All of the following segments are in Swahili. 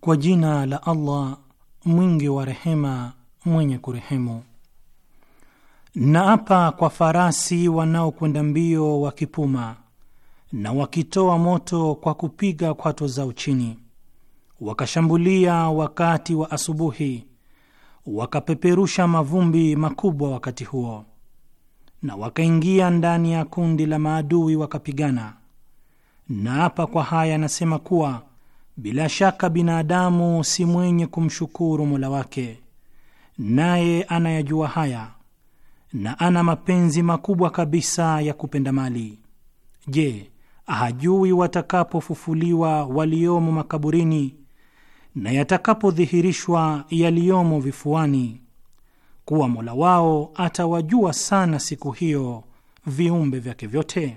Kwa jina la Allah mwingi wa rehema mwenye kurehemu. Naapa kwa farasi wanaokwenda mbio wakipuma na wakitoa moto kwa kupiga kwato zao chini, wakashambulia wakati wa asubuhi wakapeperusha mavumbi makubwa wakati huo, na wakaingia ndani ya kundi la maadui wakapigana. na hapa kwa haya, anasema kuwa bila shaka binadamu si mwenye kumshukuru Mola wake, naye anayajua haya na ana mapenzi makubwa kabisa ya kupenda mali. Je, hajui watakapofufuliwa waliomo makaburini na yatakapodhihirishwa yaliyomo vifuani, kuwa Mola wao atawajua sana siku hiyo viumbe vyake vyote.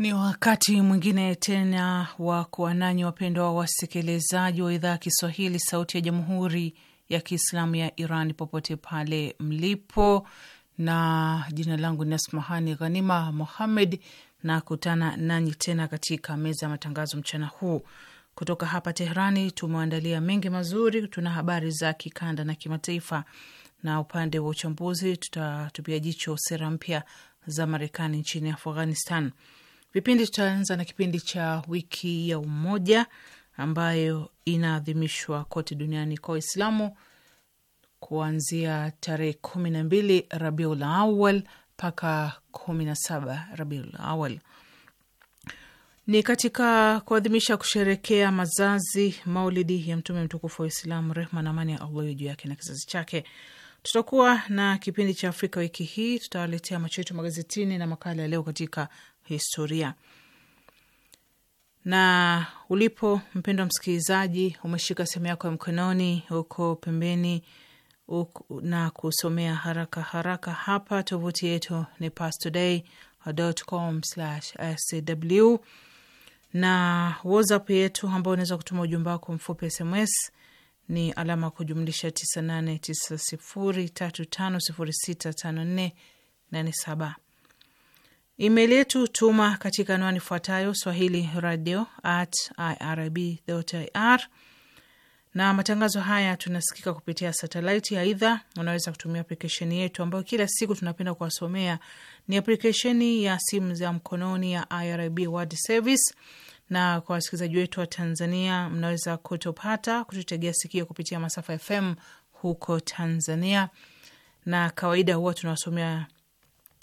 Ni wakati mwingine tena wa kuwa nanyi wapendwa wasikilizaji wa idhaa ya Kiswahili sauti ya jamhuri ya Kiislamu ya Iran popote pale mlipo, na jina langu ni Asmahani Ghanima muhamed na kutana nanyi tena katika meza ya matangazo mchana huu kutoka hapa Teherani. Tumeandalia mengi mazuri, tuna habari za kikanda na kimataifa, na upande wa uchambuzi tutatupia jicho sera mpya za Marekani nchini Afghanistan. Vipindi tutaanza na kipindi cha wiki ya umoja ambayo inaadhimishwa kote duniani kwa Waislamu kuanzia tarehe kumi na mbili Rabiul Awal mpaka kumi na saba Rabiul Awal. Ni katika kuadhimisha kusherekea mazazi maulidi ya mtume mtukufu wa Uislamu, rehma na amani ya Allah juu yake na kizazi chake. Tutakuwa na kipindi cha Afrika wiki hii, tutawaletea macho yetu magazetini na makala ya leo katika historia. Na ulipo mpendwa msikilizaji, umeshika simu yako ya mkononi huko pembeni uko, na kusomea haraka haraka hapa. Tovuti yetu ni pastoday.com/sw na WhatsApp yetu ambayo unaweza kutuma ujumbe wako mfupi SMS ni alama ya kujumlisha 989035065487. Email yetu tuma katika anwani ifuatayo swahili radio at irib ir, na matangazo haya tunasikika kupitia satelaiti. Aidha, unaweza kutumia aplikesheni yetu ambayo kila siku tunapenda kuwasomea, ni aplikesheni ya simu za mkononi ya IRIB World Service na kwa wasikilizaji wetu wa Tanzania, mnaweza kutopata kututegea sikio kupitia masafa FM huko Tanzania, na kawaida huwa tunawasomea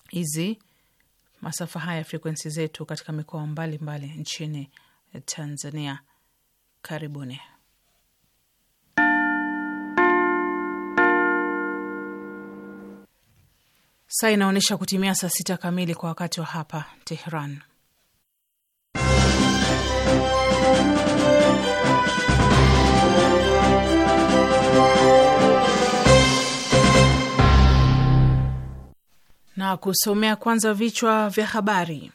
hizi masafa haya ya frekwensi zetu katika mikoa mbalimbali nchini Tanzania. Karibuni. Saa inaonyesha kutimia saa sita kamili kwa wakati wa hapa Tehran. na kusomea kwanza vichwa vya habari.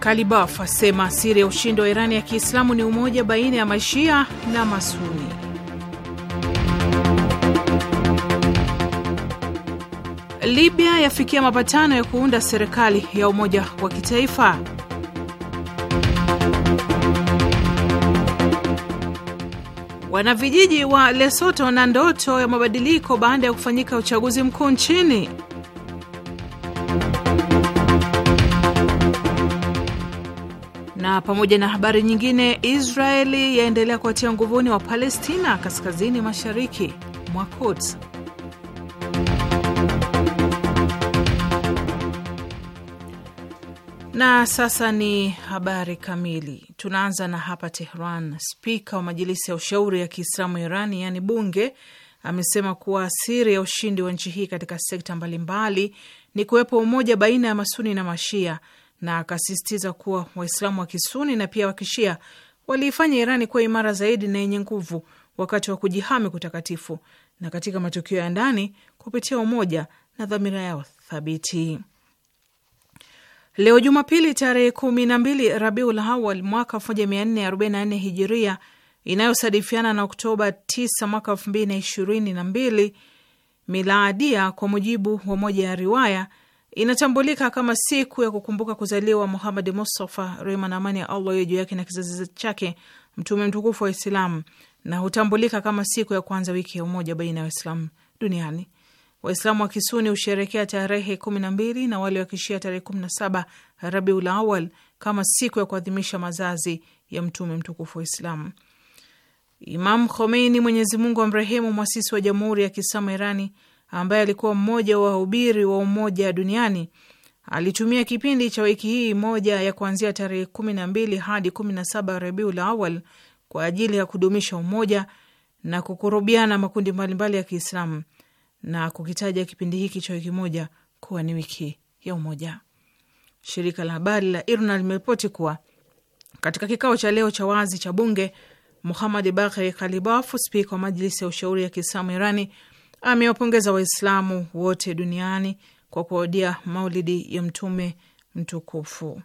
Kalibaf asema siri ya ushindi wa Irani ya Kiislamu ni umoja baina ya Mashia na Masuni. Libya yafikia mapatano ya kuunda serikali ya umoja wa kitaifa Wanavijiji wa Lesoto na ndoto ya mabadiliko baada ya kufanyika uchaguzi mkuu nchini. Na pamoja na habari nyingine, Israeli yaendelea kuwatia nguvuni wa Palestina kaskazini mashariki mwa Quds. Na sasa ni habari kamili. Tunaanza na hapa Tehran. Spika wa Majilisi ya Ushauri ya Kiislamu Irani, yaani bunge, amesema kuwa siri ya ushindi wa nchi hii katika sekta mbalimbali ni kuwepo umoja baina ya masuni na mashia, na akasisitiza kuwa Waislamu wa kisuni na pia wakishia waliifanya Irani kuwa imara zaidi na yenye nguvu wakati wa kujihami kutakatifu na katika matukio ya ndani kupitia umoja na dhamira yao thabiti. Leo Jumapili tarehe kumi na mbili Rabiul hawal mwaka nne Hijiria, inayosadifiana na Oktoba 9 mwaka mbili Milaadia, kwa mujibu wa moja ya riwaya, inatambulika kama siku ya kukumbuka kuzaliwa Muhamadi Mustafa, rehma na amani ya Allah iyo juu yake na kizazi chake, mtume mtukufu wa Islamu, na hutambulika kama siku ya kwanza wiki ya umoja baina ya Waislamu duniani. Waislamu wa kisuni husherekea tarehe kumi na mbili na wale wa kishia tarehe kumi na saba Rabiul Awal kama siku ya kuadhimisha mazazi ya mtume mtukufu wa Islamu. Imam Khomeini, Mwenyezi Mungu amrehemu, mwasisi wa Jamhuri ya Kiislamu Irani, ambaye alikuwa mmoja wa wahubiri wa umoja duniani, alitumia kipindi cha wiki hii moja ya kuanzia tarehe kumi na mbili hadi kumi na saba Rabiul Awal kwa ajili ya kudumisha umoja na kukurubiana makundi mbalimbali ya Kiislamu na kukitaja kipindi hiki cha wiki moja kuwa ni wiki ya umoja. Shirika la habari la IRNA limeripoti kuwa katika kikao cha leo cha wazi cha bunge, Muhamad bakhri Kalibafu, spika wa Majlisi ya Ushauri ya Kiislamu Irani, amewapongeza Waislamu wote duniani kwa kuaodia maulidi ya Mtume mtukufu.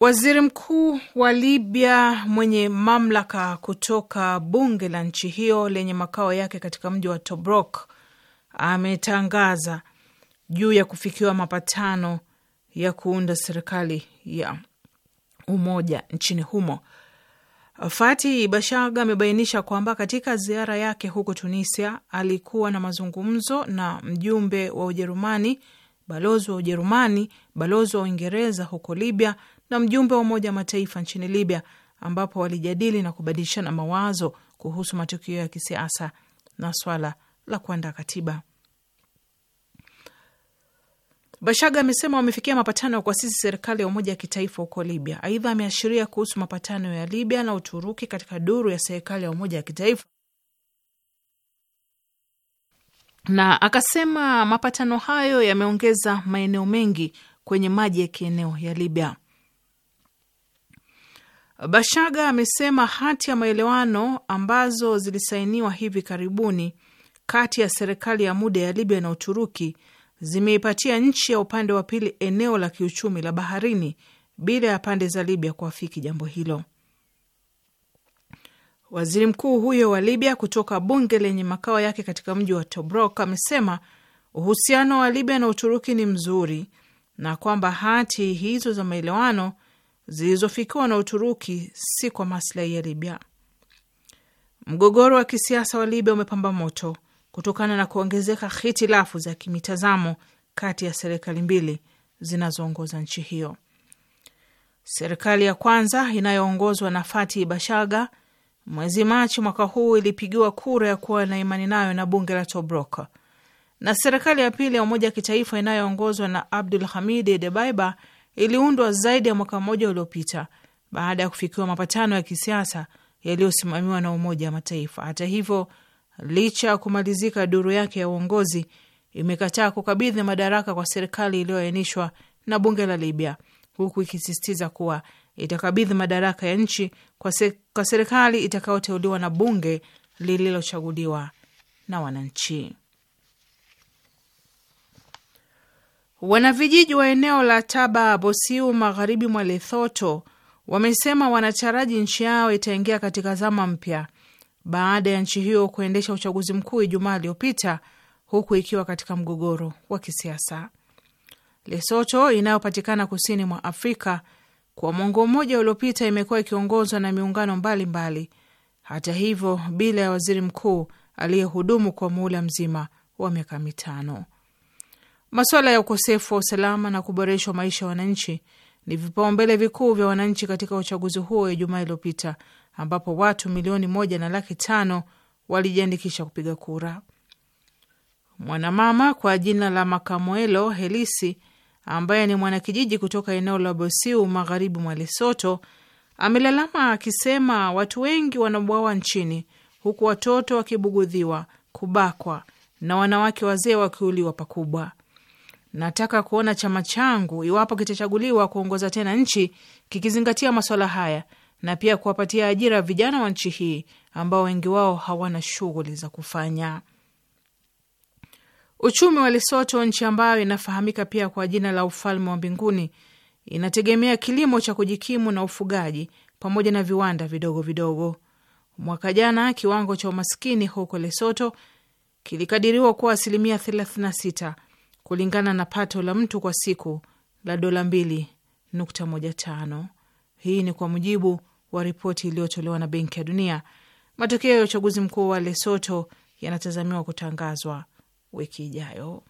Waziri mkuu wa Libya mwenye mamlaka kutoka bunge la nchi hiyo lenye makao yake katika mji wa Tobruk ametangaza juu ya kufikiwa mapatano ya kuunda serikali ya umoja nchini humo. Fati Bashaga amebainisha kwamba katika ziara yake huko Tunisia alikuwa na mazungumzo na mjumbe wa Ujerumani, balozi wa Ujerumani, balozi wa Uingereza huko Libya na mjumbe wa Umoja wa Mataifa nchini Libya, ambapo walijadili na kubadilishana mawazo kuhusu matukio ya kisiasa na swala la kuandaa katiba. Bashaga amesema wamefikia mapatano ya kuasisi serikali ya umoja wa kitaifa huko Libya. Aidha, ameashiria kuhusu mapatano ya Libya na Uturuki katika duru ya serikali ya umoja wa kitaifa, na akasema mapatano hayo yameongeza maeneo mengi kwenye maji ya kieneo ya Libya. Bashaga amesema hati ya maelewano ambazo zilisainiwa hivi karibuni kati ya serikali ya muda ya Libya na Uturuki zimeipatia nchi ya upande wa pili eneo la kiuchumi la baharini bila ya pande za Libya kuafiki jambo hilo. Waziri mkuu huyo wa Libya kutoka bunge lenye makao yake katika mji wa Tobruk amesema uhusiano wa Libya na Uturuki ni mzuri na kwamba hati hizo za maelewano zilizofikiwa na Uturuki si kwa maslahi ya Libya. Mgogoro wa kisiasa wa Libya umepamba moto kutokana na kuongezeka hitilafu za kimitazamo kati ya serikali mbili zinazoongoza nchi hiyo. Serikali ya kwanza inayoongozwa na Fati Bashaga mwezi Machi mwaka huu ilipigiwa kura ya kuwa na imani nayo na bunge la Tobruk, na serikali ya pili ya umoja wa kitaifa inayoongozwa na Abdul Hamid Debaiba iliundwa zaidi ya mwaka mmoja uliopita baada ya kufikiwa mapatano ya kisiasa yaliyosimamiwa na Umoja wa Mataifa. Hata hivyo, licha ya kumalizika duru yake ya uongozi, imekataa kukabidhi madaraka kwa serikali iliyoainishwa na bunge la Libya, huku ikisisitiza kuwa itakabidhi madaraka ya nchi kwa, se, kwa serikali itakayoteuliwa na bunge lililochaguliwa na wananchi. Wanavijiji wa eneo la Taba Bosiu, magharibi mwa Lethoto, wamesema wanataraji nchi yao itaingia katika zama mpya baada ya nchi hiyo kuendesha uchaguzi mkuu Ijumaa iliyopita huku ikiwa katika mgogoro wa kisiasa. Lesoto inayopatikana kusini mwa Afrika kwa mwongo mmoja uliopita imekuwa ikiongozwa na miungano mbalimbali mbali. Hata hivyo bila ya waziri mkuu aliyehudumu kwa muhula mzima wa miaka mitano. Masuala ya ukosefu wa usalama na kuboreshwa maisha ya wananchi ni vipaumbele vikuu vya wananchi katika uchaguzi huo Ijumaa iliyopita ambapo watu milioni moja na laki tano walijiandikisha kupiga kura. Mwanamama kwa jina la makamwelo Helisi ambaye ni mwanakijiji kutoka eneo la Bosiu magharibi mwa Lesoto amelalama akisema watu wengi wanabwawa nchini huku watoto wakibugudhiwa, kubakwa na wanawake wazee wakiuliwa pakubwa. Nataka kuona chama changu iwapo kitachaguliwa kuongoza tena nchi kikizingatia maswala haya na pia kuwapatia ajira vijana wa nchi hii ambao wengi wao hawana shughuli za kufanya. Uchumi wa Lesoto, nchi ambayo inafahamika pia kwa jina la ufalme wa mbinguni, inategemea kilimo cha kujikimu na ufugaji pamoja na viwanda vidogo vidogo. Mwaka jana kiwango cha umaskini huko Lesoto kilikadiriwa kuwa asilimia 36 kulingana na pato la mtu kwa siku la dola mbili nukta moja tano. Hii ni kwa mujibu wa ripoti iliyotolewa na Benki ya Dunia. Matokeo ya uchaguzi mkuu wa Lesoto yanatazamiwa kutangazwa wiki ijayo.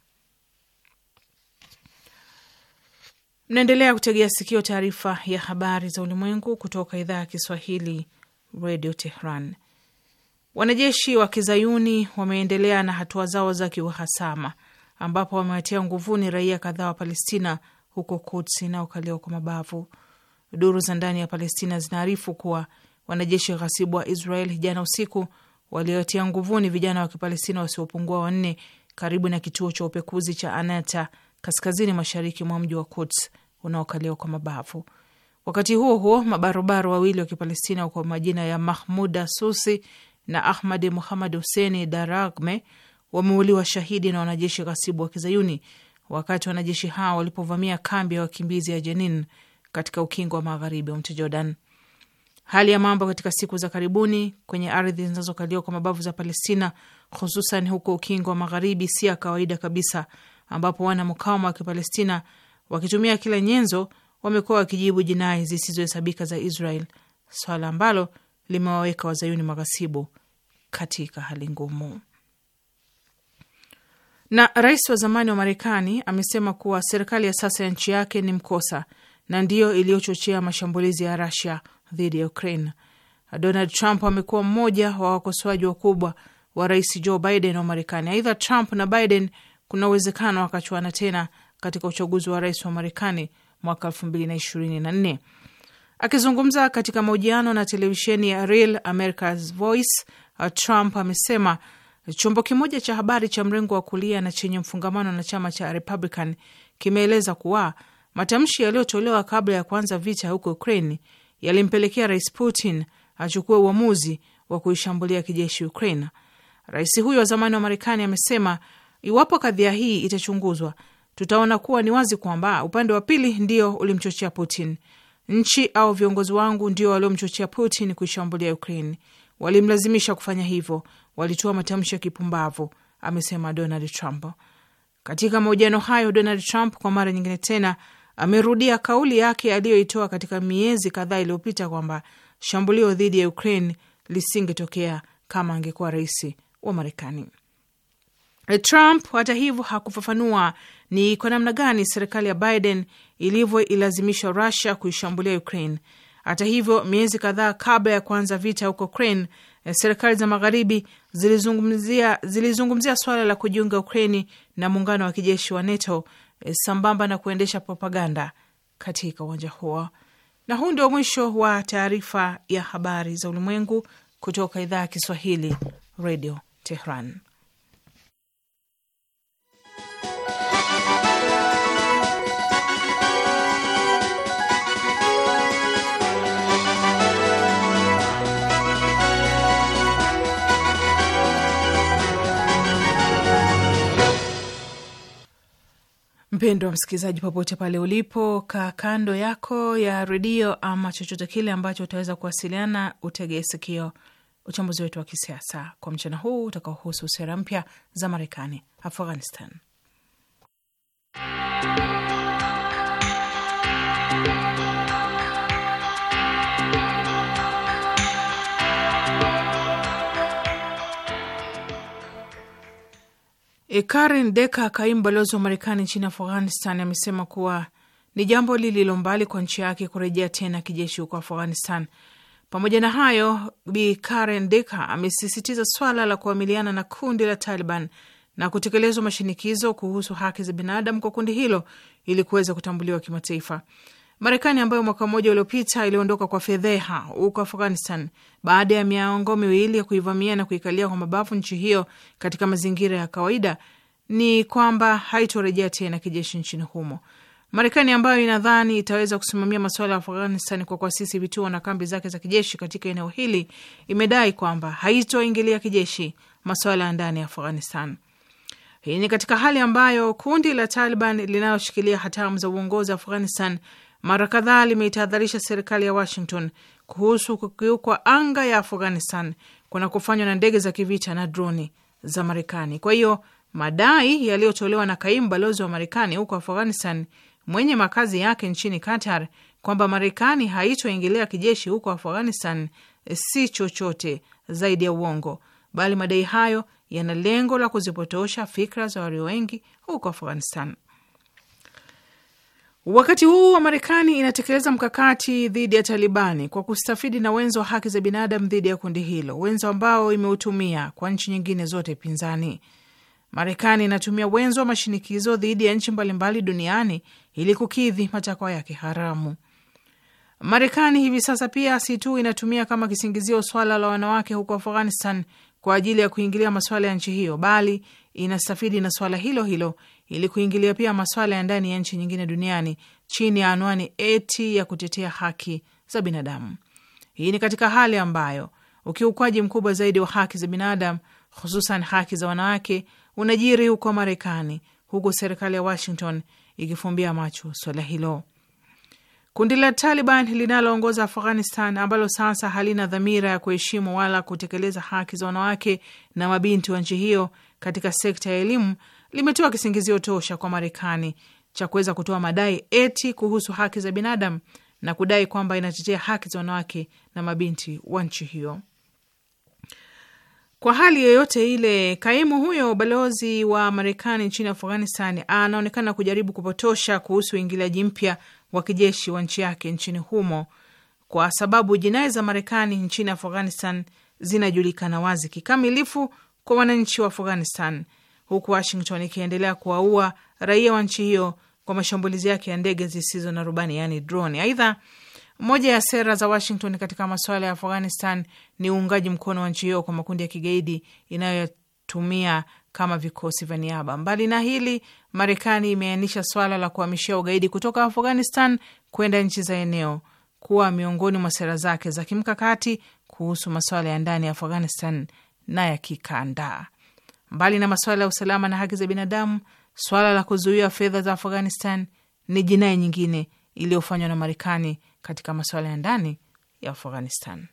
Mnaendelea kutegea sikio taarifa ya habari za ulimwengu kutoka idhaa ya Kiswahili, Radio Tehran. Wanajeshi wa kizayuni wameendelea na hatua zao za kiuhasama ambapo wamewatia nguvuni raia kadhaa wa Palestina huko Kuds inaokaliwa kwa mabavu. Duru za ndani ya Palestina zinaarifu kuwa wanajeshi ghasibu wa Israel jana usiku waliotia nguvuni vijana wa Kipalestina wasiopungua wanne karibu na kituo cha upekuzi cha Anata kaskazini mashariki mwa mji wa Kuts unaokaliwa kwa mabavu. Wakati huo huo, mabarobaro wawili wa Kipalestina kwa majina ya Mahmud Asusi na Ahmad Muhamad Huseni Daragme wameuliwa shahidi na wanajeshi ghasibu wa kizayuni wakati wanajeshi hao walipovamia kambi ya wakimbizi ya Jenin katika ukingo wa magharibi wa mto Jordan. Hali ya mambo katika siku za karibuni kwenye ardhi zinazokaliwa kwa mabavu za Palestina, hususan huko ukingo wa magharibi, si ya kawaida kabisa, ambapo wana mkawama wa Kipalestina wakitumia kila nyenzo wamekuwa wakijibu jinai zisizohesabika za Israel, swala ambalo limewaweka wazayuni maghasibu katika hali ngumu. Na rais wa zamani wa Marekani amesema kuwa serikali ya sasa ya nchi yake ni mkosa na ndiyo iliyochochea mashambulizi ya Rusia dhidi ya Ukraine. Donald Trump amekuwa mmoja wa wakosoaji wakubwa wa rais Joe Biden wa Marekani. Aidha, Trump na Biden kuna uwezekano wakachuana tena katika uchaguzi wa rais wa Marekani mwaka nne. Akizungumza katika mahojiano na televisheni ya Real America's Voice, Trump amesema Chombo kimoja cha habari cha mrengo wa kulia na chenye mfungamano na chama cha Republican kimeeleza kuwa matamshi yaliyotolewa kabla ya kuanza vita huko Ukraine yalimpelekea Rais Putin achukue uamuzi wa kuishambulia kijeshi Ukraine. Rais huyo wa zamani wa Marekani amesema iwapo kadhia hii itachunguzwa, tutaona kuwa ni wazi kwamba upande wa pili ndio ulimchochea Putin. Nchi au viongozi wangu ndio waliomchochea Putin kuishambulia Ukraine, walimlazimisha kufanya hivyo walitoa matamshi ya kipumbavu, amesema Donald Trump. Katika mahojiano hayo, Donald Trump kwa mara nyingine tena amerudia kauli yake aliyoitoa katika miezi kadhaa iliyopita kwamba shambulio dhidi ya Ukraine lisingetokea kama angekuwa rais wa Marekani. Trump hata hivyo hakufafanua ni kwa namna gani serikali ya Biden ilivyoilazimisha Rusia kuishambulia Ukraine. Hata hivyo, miezi kadhaa kabla ya kuanza vita huko Ukraine, Eh, serikali za magharibi zilizungumzia, zilizungumzia swala la kujiunga Ukraini na muungano wa kijeshi wa NATO eh, sambamba na kuendesha propaganda katika uwanja huo. Na huu ndio mwisho wa taarifa ya habari za ulimwengu kutoka idhaa ya Kiswahili, Radio Tehran. Mpendo wa msikilizaji, popote pale ulipo, kaa kando yako ya redio ama chochote kile ambacho utaweza kuwasiliana, utegee sikio uchambuzi wetu wa kisiasa kwa mchana huu utakaohusu sera mpya za Marekani Afghanistan. E, Karen Deka, kaimu balozi wa Marekani nchini Afghanistan, amesema kuwa ni jambo lililo mbali kwa nchi yake kurejea tena kijeshi huko Afghanistan. Pamoja na hayo, Bi Karen Deka amesisitiza swala la kuamiliana na kundi la Taliban na kutekelezwa mashinikizo kuhusu haki za binadamu kwa kundi hilo ili kuweza kutambuliwa kimataifa. Marekani ambayo mwaka mmoja uliopita iliondoka kwa fedheha huko Afghanistan baada ya miongo miwili ya kuivamia na kuikalia kwa mabavu nchi hiyo katika mazingira ya kawaida, ni kwamba haitorejea tena kijeshi nchini humo. Marekani ambayo inadhani itaweza kusimamia masuala ya Afghanistan kwa kuasisi vituo na kambi zake za kijeshi katika eneo hili imedai kwamba haitoingilia kijeshi masuala ya ndani ya Afghanistan. Hii ni katika hali ambayo kundi la Taliban linaloshikilia hatamu za uongozi wa Afghanistan mara kadhaa limeitahadharisha serikali ya Washington kuhusu kukiukwa anga ya Afghanistan kuna kufanywa na ndege za kivita na droni za Marekani. Kwa hiyo madai yaliyotolewa na kaimu balozi wa Marekani huko Afghanistan mwenye makazi yake nchini Qatar kwamba Marekani haitoingilia kijeshi huko Afghanistan si chochote zaidi ya uongo, bali madai hayo yana lengo la kuzipotosha fikra za walio wengi huko Afghanistan. Wakati huu wa Marekani inatekeleza mkakati dhidi ya Talibani kwa kustafidi na wenzo wa haki za binadamu dhidi ya kundi hilo, wenzo ambao imeutumia kwa nchi nyingine zote pinzani. Marekani inatumia wenzo wa mashinikizo dhidi ya nchi mbalimbali duniani ili kukidhi matakwa yake haramu. Marekani hivi sasa pia si tu inatumia kama kisingizio swala la wanawake huko Afghanistan kwa ajili ya kuingilia masuala ya nchi hiyo, bali inastafidi na swala hilo hilo ili kuingilia pia maswala ya ndani ya nchi nyingine duniani chini ya anwani eti ya kutetea haki za binadamu. Hii ni katika hali ambayo ukiukwaji mkubwa zaidi wa haki za binadamu, hususan haki za wanawake, unajiri huko Marekani, huku serikali ya Washington ikifumbia macho swala hilo. Kundi la Taliban linaloongoza Afghanistan, ambalo sasa halina dhamira ya kuheshimu wala kutekeleza haki za wanawake na mabinti wa nchi hiyo katika sekta ya elimu, limetoa kisingizio tosha kwa Marekani cha kuweza kutoa madai eti kuhusu haki za binadamu na kudai kwamba inatetea haki za wanawake na mabinti wa nchi hiyo. Kwa hali yoyote ile, kaimu huyo balozi wa Marekani nchini Afghanistan anaonekana kujaribu kupotosha kuhusu uingiliaji mpya wa kijeshi wa nchi yake nchini humo, kwa sababu jinai za Marekani nchini Afghanistan zinajulikana wazi kikamilifu kwa wananchi wa Afghanistan huku Washington ikiendelea kuwaua raia wa nchi hiyo kwa mashambulizi yake ya ndege zisizo na rubani, yani drone. Aidha, moja ya sera za Washington katika masuala ya Afghanistan ni uungaji mkono wa nchi hiyo kwa makundi ya kigaidi inayotumia kama vikosi vya niaba. Mbali na hili, Marekani imeainisha swala la kuhamishia ugaidi kutoka Afghanistan kwenda nchi za eneo kuwa miongoni mwa sera zake za kimkakati kuhusu masuala ya ndani ya Afghanistan na ya kikanda. Mbali na masuala ya usalama na haki za binadamu, swala la kuzuia fedha za Afghanistan ni jinai nyingine iliyofanywa na Marekani katika masuala ya ndani ya Afghanistan.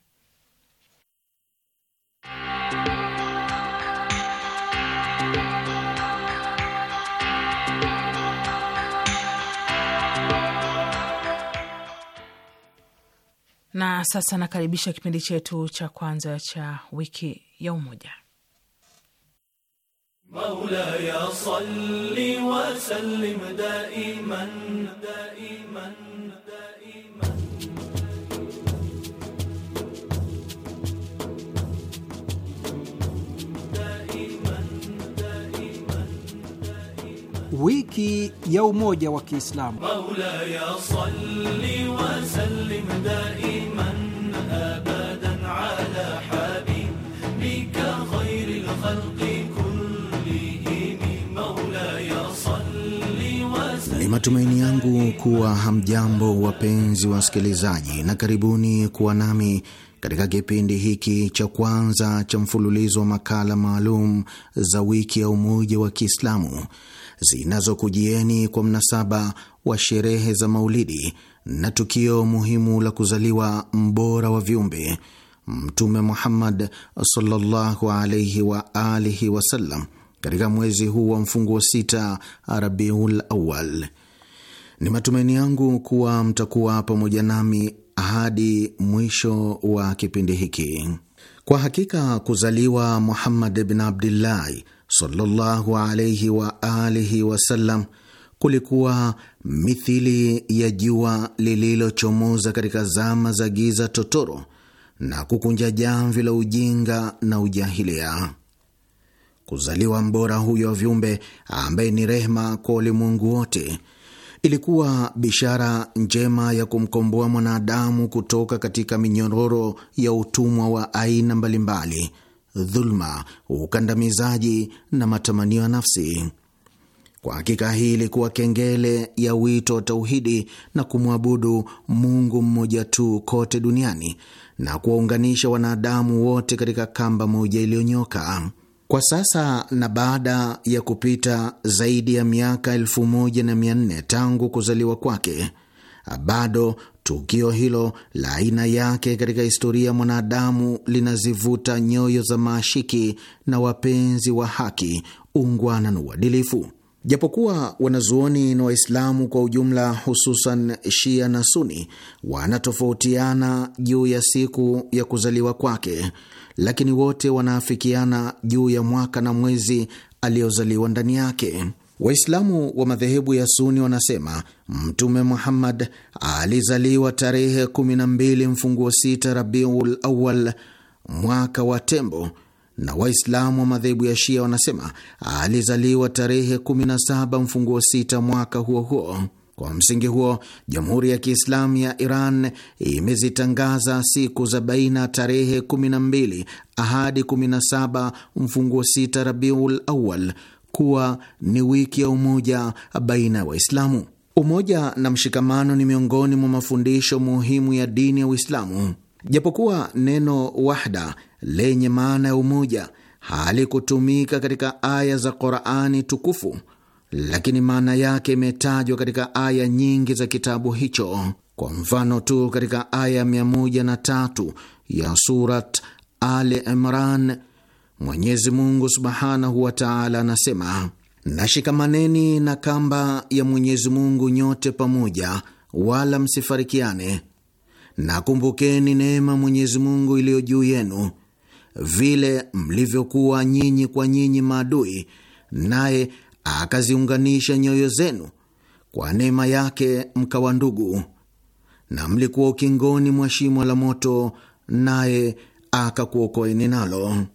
Na sasa nakaribisha kipindi chetu cha kwanza cha wiki ya Umoja. مولاي صل وسلم دائما دائما دائما wiki ya umoja wa Kiislamu. ya salli wa sallim daiman abadan ala habibika khairil khalq Ni matumaini yangu kuwa hamjambo wapenzi wasikilizaji, na karibuni kuwa nami katika kipindi hiki cha kwanza cha mfululizo wa makala maalum za wiki ya umoja wa Kiislamu zinazokujieni kwa mnasaba wa sherehe za Maulidi na tukio muhimu la kuzaliwa mbora wa viumbe Mtume Muhammad sallallahu alaihi wa alihi wasallam katika mwezi huu wa mfunguo sita Rabiul Awal. Ni matumaini yangu kuwa mtakuwa pamoja nami hadi mwisho wa kipindi hiki. Kwa hakika kuzaliwa Muhammad bin Abdillahi sallallahu alaihi wa alihi wasallam kulikuwa mithili ya jua lililochomoza katika zama za giza totoro na kukunja jamvi la ujinga na ujahilia kuzaliwa mbora huyo wa viumbe ambaye ni rehma kwa ulimwengu wote. Ilikuwa bishara njema ya kumkomboa mwanadamu kutoka katika minyororo ya utumwa wa aina mbalimbali, dhuluma, ukandamizaji na matamanio ya nafsi. Kwa hakika hii ilikuwa kengele ya wito wa tauhidi na kumwabudu Mungu mmoja tu kote duniani na kuwaunganisha wanadamu wote katika kamba moja iliyonyoka. Kwa sasa na baada ya kupita zaidi ya miaka elfu moja na mia nne tangu kuzaliwa kwake, bado tukio hilo la aina yake katika historia ya mwanadamu linazivuta nyoyo za maashiki na wapenzi wa haki, ungwana na uadilifu. Japokuwa wanazuoni na Waislamu kwa ujumla, hususan Shia na Suni, wanatofautiana juu ya siku ya kuzaliwa kwake, lakini wote wanaafikiana juu ya mwaka na mwezi aliyozaliwa ndani yake. Waislamu wa madhehebu ya Suni wanasema Mtume Muhammad alizaliwa tarehe 12 mfunguo 6 Rabiul Awal mwaka wa Tembo na Waislamu wa madhehebu ya Shia wanasema alizaliwa tarehe 17 mfunguo 6 mwaka huo huo. Kwa msingi huo, Jamhuri ya Kiislamu ya Iran imezitangaza siku za baina tarehe 12 ahadi 17 mfunguo 6 Rabiul Awal kuwa ni wiki ya umoja baina ya Waislamu. Umoja na mshikamano ni miongoni mwa mafundisho muhimu ya dini ya Uislamu. Japokuwa neno wahda lenye maana ya umoja halikutumika katika aya za Qurani tukufu, lakini maana yake imetajwa katika aya nyingi za kitabu hicho. Kwa mfano tu katika aya 13 ya Surat Ali Imran, Mwenyezi Mungu subhanahu wa taala anasema, nashikamaneni na kamba ya Mwenyezi Mungu nyote pamoja, wala msifarikiane, nakumbukeni neema Mwenyezi Mungu iliyo juu yenu vile mlivyokuwa nyinyi kwa nyinyi maadui, naye akaziunganisha nyoyo zenu kwa neema yake, mkawa ndugu. Na mlikuwa ukingoni mwa shimo la moto, naye akakuokoeni nalo.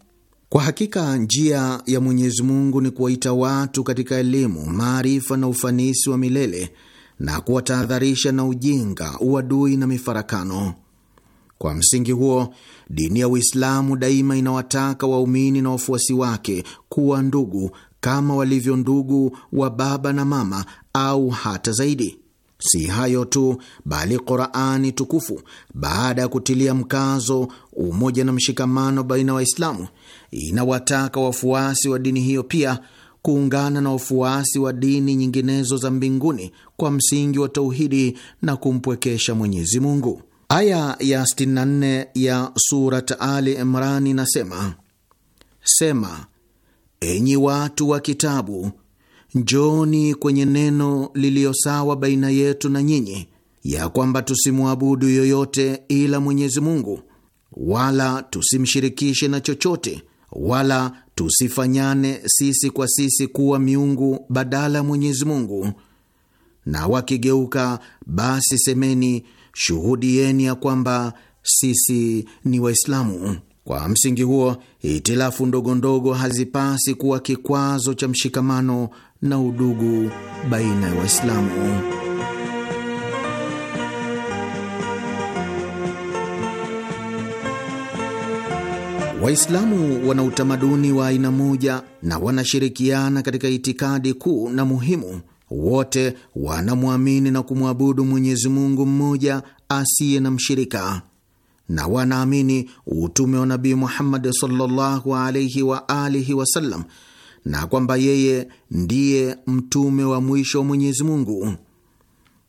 Kwa hakika njia ya Mwenyezi Mungu ni kuwaita watu katika elimu, maarifa na ufanisi wa milele, na kuwatahadharisha na ujinga, uadui na mifarakano. Kwa msingi huo, dini ya Uislamu daima inawataka waumini na wafuasi wake kuwa ndugu kama walivyo ndugu wa baba na mama au hata zaidi. Si hayo tu, bali Qurani tukufu baada ya kutilia mkazo umoja na mshikamano baina ya Waislamu, inawataka wafuasi wa dini hiyo pia kuungana na wafuasi wa dini nyinginezo za mbinguni kwa msingi wa tauhidi na kumpwekesha Mwenyezi Mungu. Aya ya 64 ya Surat Ali Imran inasema: Sema, enyi watu wa Kitabu, njoni kwenye neno liliyo sawa baina yetu na nyinyi, ya kwamba tusimwabudu yoyote ila Mwenyezi Mungu, wala tusimshirikishe na chochote, wala tusifanyane sisi kwa sisi kuwa miungu badala ya Mwenyezi Mungu, na wakigeuka basi semeni shuhudieni ya kwamba sisi ni Waislamu. Kwa msingi huo, hitilafu ndogo ndogo hazipasi kuwa kikwazo cha mshikamano na udugu baina ya Waislamu. Waislamu wana utamaduni wa aina moja na wanashirikiana katika itikadi kuu na muhimu wote wanamwamini na kumwabudu Mwenyezi Mungu mmoja asiye na mshirika, na wanaamini utume wa Nabii Muhammad sallallahu alaihi wa alihi wasallam, na kwamba yeye ndiye mtume wa mwisho wa Mwenyezi Mungu.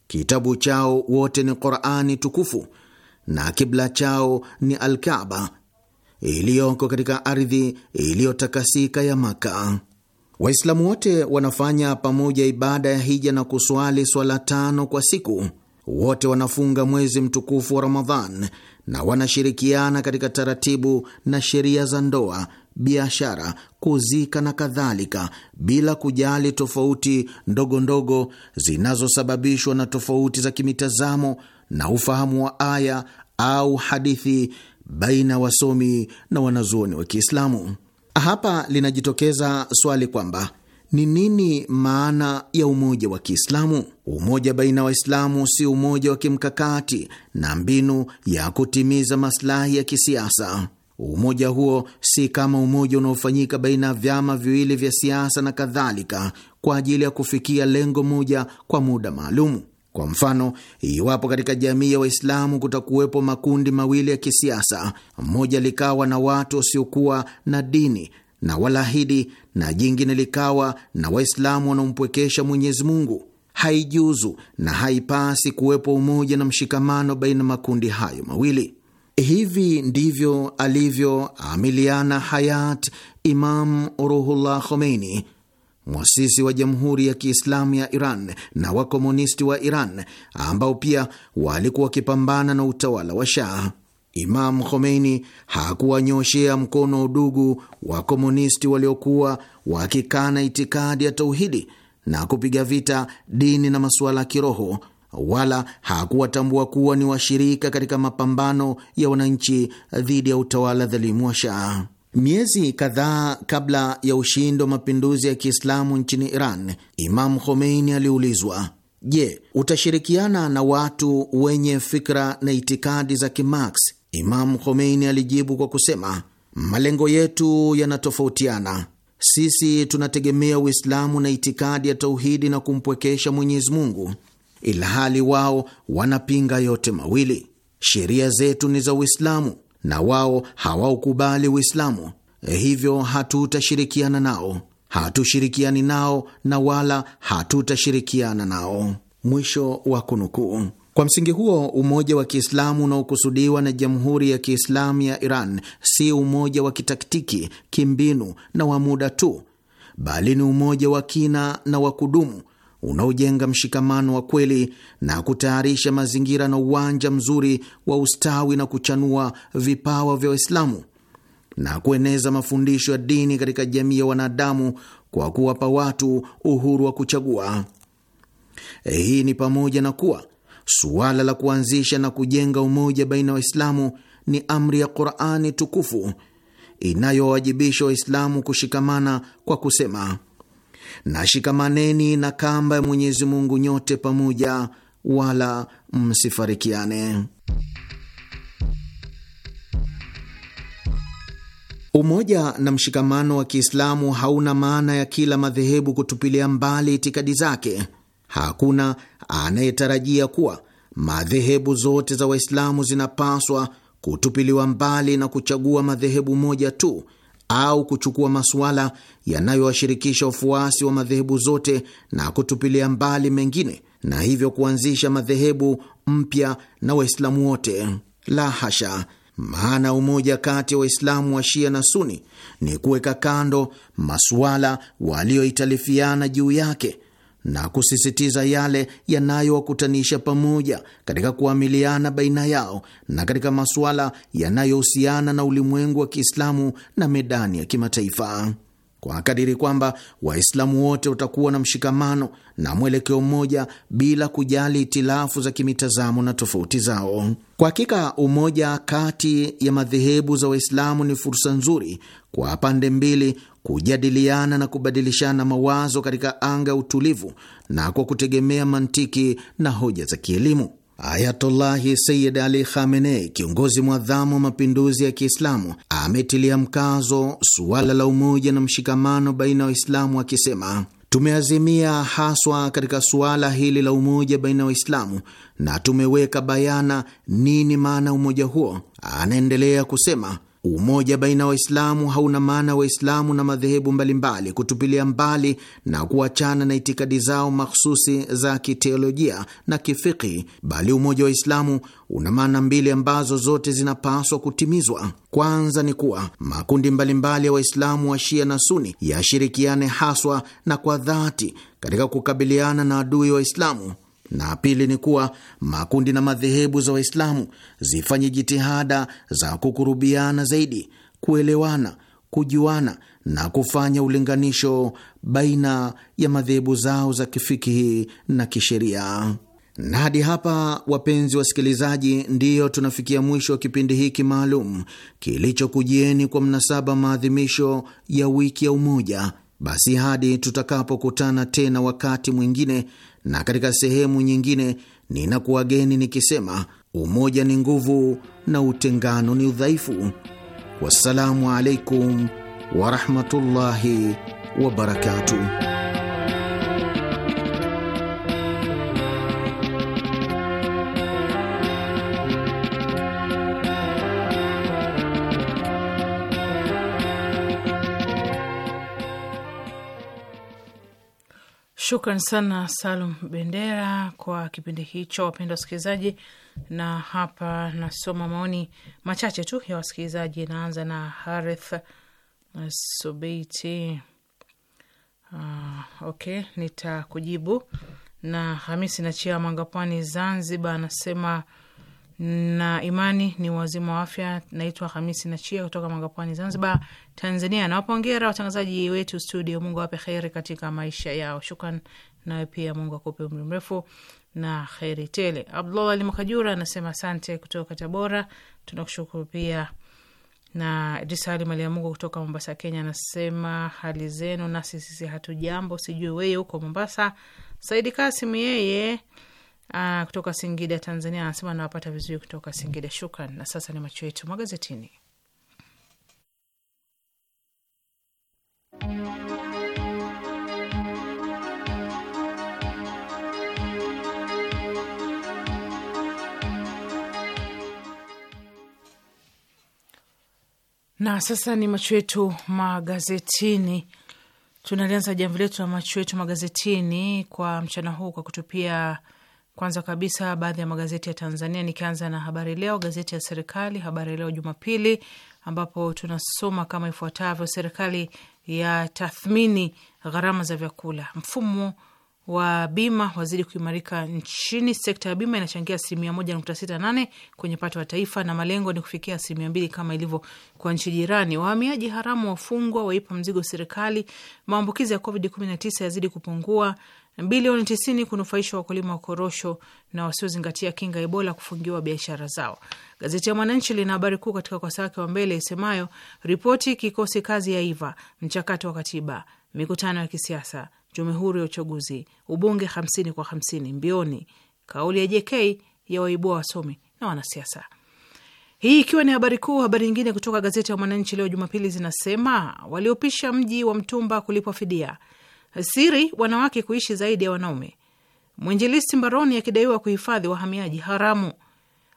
Kitabu chao wote ni Qurani tukufu na kibla chao ni Alkaba iliyoko katika ardhi iliyotakasika ya Maka. Waislamu wote wanafanya pamoja ibada ya hija na kuswali swala tano kwa siku. Wote wanafunga mwezi mtukufu wa Ramadhan na wanashirikiana katika taratibu na sheria za ndoa, biashara, kuzika na kadhalika, bila kujali tofauti ndogo ndogo zinazosababishwa na tofauti za kimitazamo na ufahamu wa aya au hadithi baina wasomi na wanazuoni wa Kiislamu. Hapa linajitokeza swali kwamba ni nini maana ya umoja wa Kiislamu? Umoja baina ya Waislamu si umoja wa kimkakati na mbinu ya kutimiza maslahi ya kisiasa. Umoja huo si kama umoja unaofanyika baina ya vyama viwili vya siasa na kadhalika, kwa ajili ya kufikia lengo moja kwa muda maalumu. Kwa mfano, iwapo katika jamii ya Waislamu kutakuwepo makundi mawili ya kisiasa, mmoja likawa na watu wasiokuwa na dini na walahidi na jingine likawa na Waislamu wanaompwekesha Mwenyezi Mungu, haijuzu na haipasi kuwepo umoja na mshikamano baina makundi hayo mawili. Hivi ndivyo alivyoamiliana hayat Imam Ruhullah Khomeini mwasisi wa Jamhuri ya Kiislamu ya Iran na wakomunisti wa Iran ambao pia walikuwa wakipambana na utawala wa Shah. Imam Khomeini hakuwanyoshea mkono udugu wa komunisti waliokuwa wakikana itikadi ya tauhidi na kupiga vita dini na masuala ya kiroho, wala hakuwatambua kuwa ni washirika katika mapambano ya wananchi dhidi ya utawala dhalimu wa Shah. Miezi kadhaa kabla ya ushindi wa mapinduzi ya Kiislamu nchini Iran, Imamu Khomeini aliulizwa, je, utashirikiana na watu wenye fikra na itikadi za kimax Imamu Khomeini alijibu kwa kusema, malengo yetu yanatofautiana. Sisi tunategemea Uislamu na itikadi ya tauhidi na kumpwekesha Mwenyezi Mungu, ilhali wao wanapinga yote mawili. Sheria zetu ni za Uislamu na wao hawaukubali Uislamu, eh, hivyo hatutashirikiana nao, hatushirikiani nao na wala hatutashirikiana nao. Mwisho wa kunukuu. Kwa msingi huo, umoja wa Kiislamu unaokusudiwa na Jamhuri ya Kiislamu ya Iran si umoja wa kitaktiki, kimbinu na wa muda tu, bali ni umoja wa kina na wa kudumu unaojenga mshikamano wa kweli na kutayarisha mazingira na uwanja mzuri wa ustawi na kuchanua vipawa vya Waislamu na kueneza mafundisho ya dini katika jamii ya wanadamu kwa kuwapa watu uhuru wa kuchagua. Hii ni pamoja na kuwa suala la kuanzisha na kujenga umoja baina ya Waislamu ni amri ya Qurani tukufu inayowajibisha Waislamu kushikamana kwa kusema nashikamaneni na kamba ya Mwenyezi Mungu nyote pamoja, wala msifarikiane. Umoja na mshikamano wa Kiislamu hauna maana ya kila madhehebu kutupilia mbali itikadi zake. Hakuna anayetarajia kuwa madhehebu zote za Waislamu zinapaswa kutupiliwa mbali na kuchagua madhehebu moja tu au kuchukua masuala yanayowashirikisha wafuasi wa madhehebu zote na kutupilia mbali mengine na hivyo kuanzisha madhehebu mpya na Waislamu wote. La hasha! Maana umoja kati ya wa Waislamu wa Shia na Suni ni kuweka kando masuala walioitalifiana juu yake na kusisitiza yale yanayowakutanisha pamoja katika kuamiliana baina yao na katika masuala yanayohusiana na ulimwengu wa Kiislamu na medani ya kimataifa kwa kadiri kwamba Waislamu wote watakuwa na mshikamano na mwelekeo mmoja bila kujali itilafu za kimitazamo na tofauti zao. Kwa hakika umoja kati ya madhehebu za Waislamu ni fursa nzuri kwa pande mbili kujadiliana na kubadilishana mawazo katika anga ya utulivu na kwa kutegemea mantiki na hoja za kielimu. Ayatullahi Sayyid Ali Khamenei, kiongozi mwadhamu wa mapinduzi ya Kiislamu, ametilia mkazo suala la umoja na mshikamano baina ya Waislamu akisema, tumeazimia haswa katika suala hili la umoja baina ya Waislamu na tumeweka bayana nini maana umoja huo. Anaendelea kusema Umoja baina ya wa Waislamu hauna maana Waislamu na madhehebu mbalimbali kutupilia mbali na kuachana na itikadi zao makhususi za kiteolojia na kifiki, bali umoja wa Waislamu una maana mbili ambazo zote zinapaswa kutimizwa. Kwanza ni kuwa makundi mbalimbali ya Waislamu wa Shia na Suni yashirikiane haswa na kwa dhati katika kukabiliana na adui wa Waislamu na pili ni kuwa makundi na madhehebu za Waislamu zifanye jitihada za kukurubiana zaidi, kuelewana, kujuana na kufanya ulinganisho baina ya madhehebu zao za kifikihi na kisheria. Na hadi hapa, wapenzi wasikilizaji, ndiyo tunafikia mwisho wa kipindi hiki maalum kilichokujieni kwa mnasaba maadhimisho ya wiki ya Umoja. Basi hadi tutakapokutana tena wakati mwingine na katika sehemu nyingine ninakuwageni nikisema umoja ni nguvu na utengano ni udhaifu. Wassalamu alaikum warahmatullahi wabarakatuh. Shukran sana Salum Bendera kwa kipindi hicho, wapenda wasikilizaji. Na hapa nasoma maoni machache tu ya wasikilizaji. Naanza na Harith Subeiti. Uh, ah, okay, nitakujibu na Hamisi nachia mwangapwani Mangapwani, Zanzibar, anasema na imani ni wazima wa afya. Naitwa Hamisi nachia kutoka Mangapwani, Zanzibar. Tanzania. Nawapongera watangazaji wetu studio, Mungu awape kheri katika maisha yao. Shukran nawe pia, Mungu akupe umri mrefu na kheri tele. Abdullah Ali Makajura anasema asante kutoka Tabora, tunakushukuru pia. Na Disali Mali ya Mungu kutoka Mombasa, Kenya anasema hali zenu, nasi sisi hatu jambo, sijui wewe huko Mombasa. Saidi Kasim yeye ah, kutoka Singida, Tanzania anasema anawapata vizuri kutoka Singida, shukran. Na sasa ni macho yetu magazetini. Na sasa ni macho yetu magazetini. Tunalianza jambo letu la macho yetu magazetini kwa mchana huu kwa kutupia kwanza kabisa baadhi ya magazeti ya Tanzania, nikianza na Habari Leo, gazeti ya serikali. Habari Leo Jumapili, ambapo tunasoma kama ifuatavyo: serikali ya tathmini gharama za vyakula. Mfumo wa bima wazidi kuimarika nchini. Sekta ya bima inachangia asilimia moja nukta sita nane kwenye pato wa taifa na malengo ni kufikia asilimia mbili kama ilivyo kwa nchi jirani. Wahamiaji haramu wafungwa waipa mzigo serikali. Maambukizi ya COVID 19 yazidi kupungua bilioni tisini kunufaisha wakulima wa korosho na wasiozingatia kinga Ebola kufungiwa biashara zao. Gazeti ya Mwananchi lina habari kuu katika ukurasa wake wa mbele isemayo ripoti kikosi kazi ya iva mchakato wa katiba, mikutano ya kisiasa, tume huru ya uchaguzi, ubunge hamsini kwa hamsini mbioni, kauli ya JK ya waibua wasomi na wanasiasa. Hii ikiwa ni habari kuu. Habari nyingine kutoka gazeti ya Mwananchi leo Jumapili zinasema waliopisha mji wa Mtumba kulipwa fidia siri wanawake kuishi zaidi ya wanaume, mwinjilisti mbaroni akidaiwa kuhifadhi wahamiaji haramu,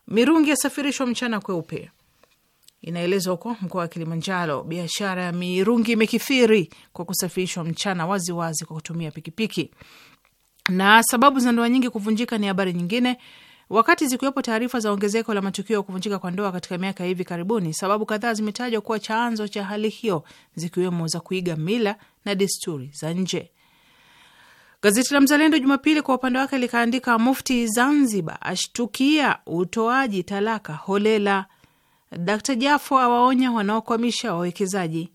mirungi yasafirishwa mchana kweupe. Inaelezwa huko mkoa wa Kilimanjaro biashara ya mirungi imekithiri kwa kusafirishwa mchana waziwazi wazi kwa kutumia pikipiki. Na sababu za ndoa nyingi kuvunjika ni habari nyingine Wakati zikiwepo taarifa za ongezeko la matukio ya kuvunjika kwa ndoa katika miaka ya hivi karibuni, sababu kadhaa zimetajwa kuwa chanzo cha hali hiyo, zikiwemo za kuiga mila na desturi za nje. Gazeti la Mzalendo Jumapili kwa upande wake likaandika, Mufti Zanzibar ashtukia utoaji talaka holela, Dkt Jafo awaonya wanaokwamisha wawekezaji,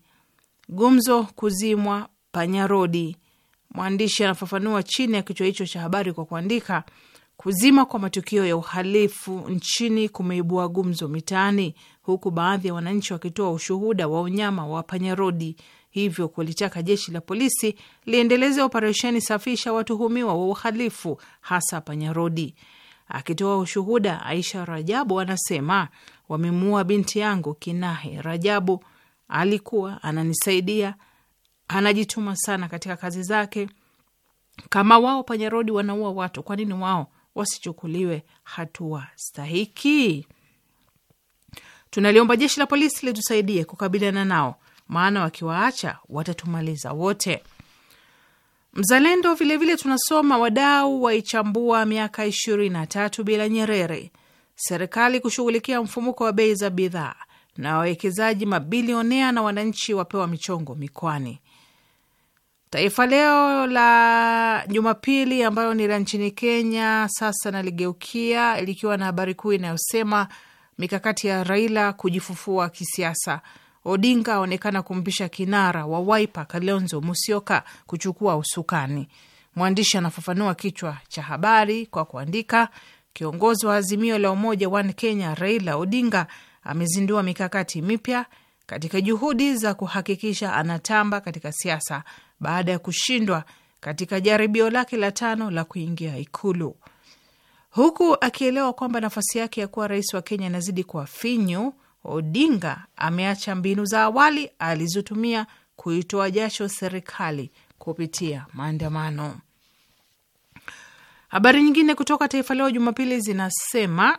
gumzo kuzimwa panyarodi. Mwandishi anafafanua chini ya kichwa hicho cha habari kwa kuandika Kuzima kwa matukio ya uhalifu nchini kumeibua gumzo mitaani, huku baadhi ya wananchi wakitoa ushuhuda wa unyama wa panyarodi, hivyo kulitaka jeshi la polisi liendeleze operesheni safisha watuhumiwa wa uhalifu, hasa panyarodi. Akitoa ushuhuda, Aisha Rajabu anasema wamemuua binti yangu Kinahe Rajabu, alikuwa ananisaidia, anajituma sana katika kazi zake. Kama wao panyarodi wanaua watu, kwa nini wao wasichukuliwe hatua stahiki. Tunaliomba jeshi la polisi litusaidie kukabiliana nao, maana wakiwaacha watatumaliza wote. Mzalendo vilevile vile tunasoma wadau waichambua miaka ishirini na tatu bila Nyerere, serikali kushughulikia mfumuko wa bei za bidhaa na wawekezaji mabilionea na wananchi wapewa michongo mikoani. Taifa Leo la Jumapili ambayo ni la nchini Kenya sasa naligeukia likiwa na habari kuu inayosema mikakati ya Raila kujifufua kisiasa. Odinga aonekana kumpisha kinara wa Waipa Kalonzo Musyoka kuchukua usukani. Mwandishi anafafanua kichwa cha habari kwa kuandika, kiongozi wa Azimio la Umoja One Kenya Raila Odinga amezindua mikakati mipya katika juhudi za kuhakikisha anatamba katika siasa baada ya kushindwa katika jaribio lake la tano la kuingia Ikulu, huku akielewa kwamba nafasi yake ya kuwa rais wa Kenya inazidi kuwa finyu. Odinga ameacha mbinu za awali alizotumia kuitoa jasho serikali kupitia maandamano. Habari nyingine kutoka Taifa Leo Jumapili zinasema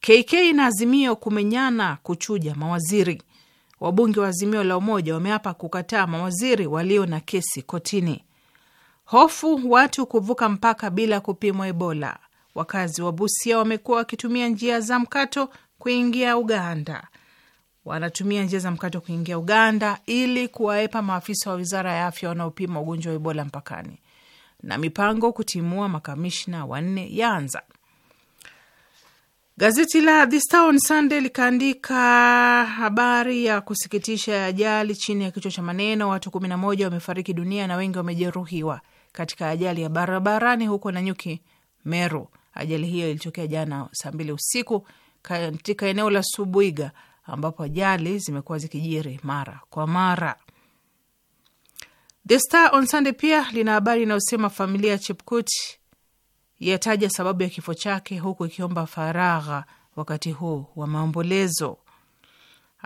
KK na Azimio kumenyana kuchuja mawaziri. Wabunge wa Azimio la Umoja wameapa kukataa mawaziri walio na kesi kotini. Hofu watu kuvuka mpaka bila kupimwa Ebola. Wakazi wa Busia wamekuwa wakitumia njia za mkato kuingia Uganda, wanatumia njia za mkato kuingia Uganda ili kuwaepa maafisa wa wizara ya afya wanaopima ugonjwa wa Ebola mpakani. Na mipango kutimua makamishna wanne yaanza. Gazeti la The on Sunday likaandika habari ya kusikitisha ya ajali chini ya kichwa cha maneno, watu kumi na moja wamefariki dunia na wengi wamejeruhiwa katika ajali ya barabarani huko Nanyuki, Meru. Ajali hiyo ilitokea jana saa mbili usiku katika eneo la Subuiga, ambapo ajali zimekuwa zikijiri mara kwa mara. The Star on Sunday pia lina habari inayosema familia ya Chepkut yataja sababu ya kifo chake huku ikiomba faragha wakati huu wa maombolezo.